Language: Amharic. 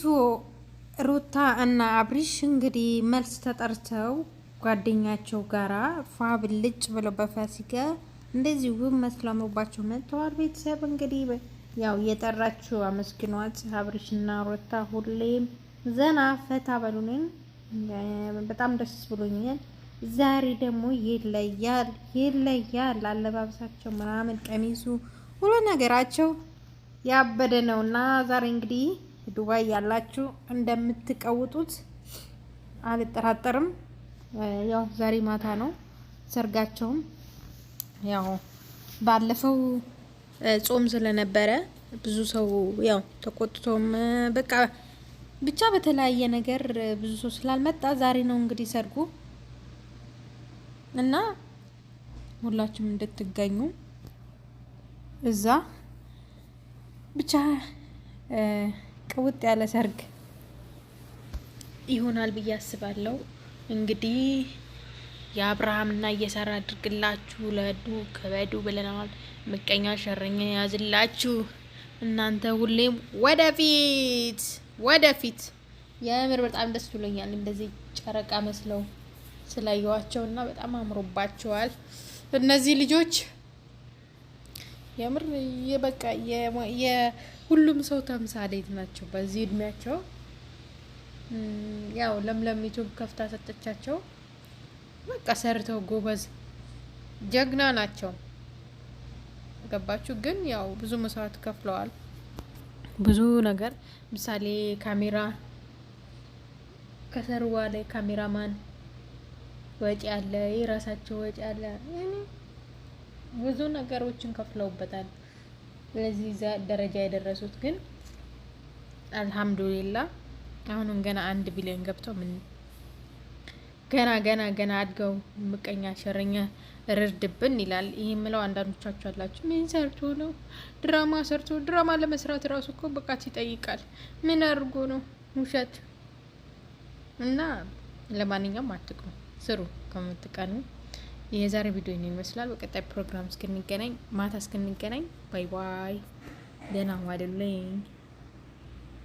አክስቱ ሩታ እና አብሪሽ እንግዲህ መልስ ተጠርተው ጓደኛቸው ጋራ ፋብ ልጭ ብለው በፋሲካ እንደዚህ ውብ መስለው አምሮባቸው መጥተዋል። ቤተሰብ እንግዲህ ያው የጠራችው አመስግኗት። አብሪሽ እና ሩታ ሁሌም ዘና ፈታ በሉንን፣ በጣም ደስ ብሎኛል። ዛሬ ደግሞ ይለያል ይለያል። አለባበሳቸው ምናምን፣ ቀሚሱ፣ ሁሉ ነገራቸው ያበደ ነውና ዛሬ እንግዲህ ዱባይ ያላችሁ እንደምትቀውጡት አልጠራጠርም። ያው ዛሬ ማታ ነው ሰርጋቸውም። ያው ባለፈው ጾም ስለነበረ ብዙ ሰው ያው ተቆጥቶም በቃ ብቻ በተለያየ ነገር ብዙ ሰው ስላልመጣ ዛሬ ነው እንግዲህ ሰርጉ እና ሁላችሁም እንድትገኙ እዛ ብቻ ቅውጥ ያለ ሰርግ ይሆናል ብዬ አስባለሁ። እንግዲህ የአብርሃምና እየሰራ አድርግላችሁ ለዱ ከበዱ ብለናል። ምቀኛ ሸረኛ ያዝላችሁ። እናንተ ሁሌም ወደፊት ወደፊት። የምር በጣም ደስ ብሎኛል እንደዚህ ጨረቃ መስለው ስላየዋቸው እና በጣም አምሮባቸዋል እነዚህ ልጆች። የምር የበቃ የሁሉም ሰው ተምሳሌት ናቸው በዚህ እድሜያቸው። ያው ለምለም ዩቱብ ከፍታ ሰጠቻቸው። በቃ ሰርተው ጎበዝ ጀግና ናቸው። ገባችሁ? ግን ያው ብዙ መስዋዕት ከፍለዋል። ብዙ ነገር ምሳሌ ካሜራ ከሰርዋ ላይ ካሜራማን ወጪ አለ፣ የራሳቸው ወጪ አለ። ብዙ ነገሮችን ከፍለውበታል ለዚህ ደረጃ የደረሱት። ግን አልሐምዱሊላ አሁንም ገና አንድ ቢሊዮን ገብተው ምን ገና ገና ገና አድገው ምቀኛ ሸረኛ ርድብን ይላል። ይህ ምለው አንዳንዶቻችሁ አላችሁ፣ ምን ሰርቶ ነው ድራማ ሰርቶ ድራማ ለመስራት ራሱ እኮ ብቃት ይጠይቃል። ምን አድርጎ ነው ውሸት እና ለማንኛውም አትቅኑ፣ ስሩ ከምትቀኑ የዛሬ ቪዲዮ ይህን ይመስላል። በቀጣይ ፕሮግራም እስክንገናኝ ማታ እስክንገናኝ ባይ ባይ። ደህና ዋልልኝ።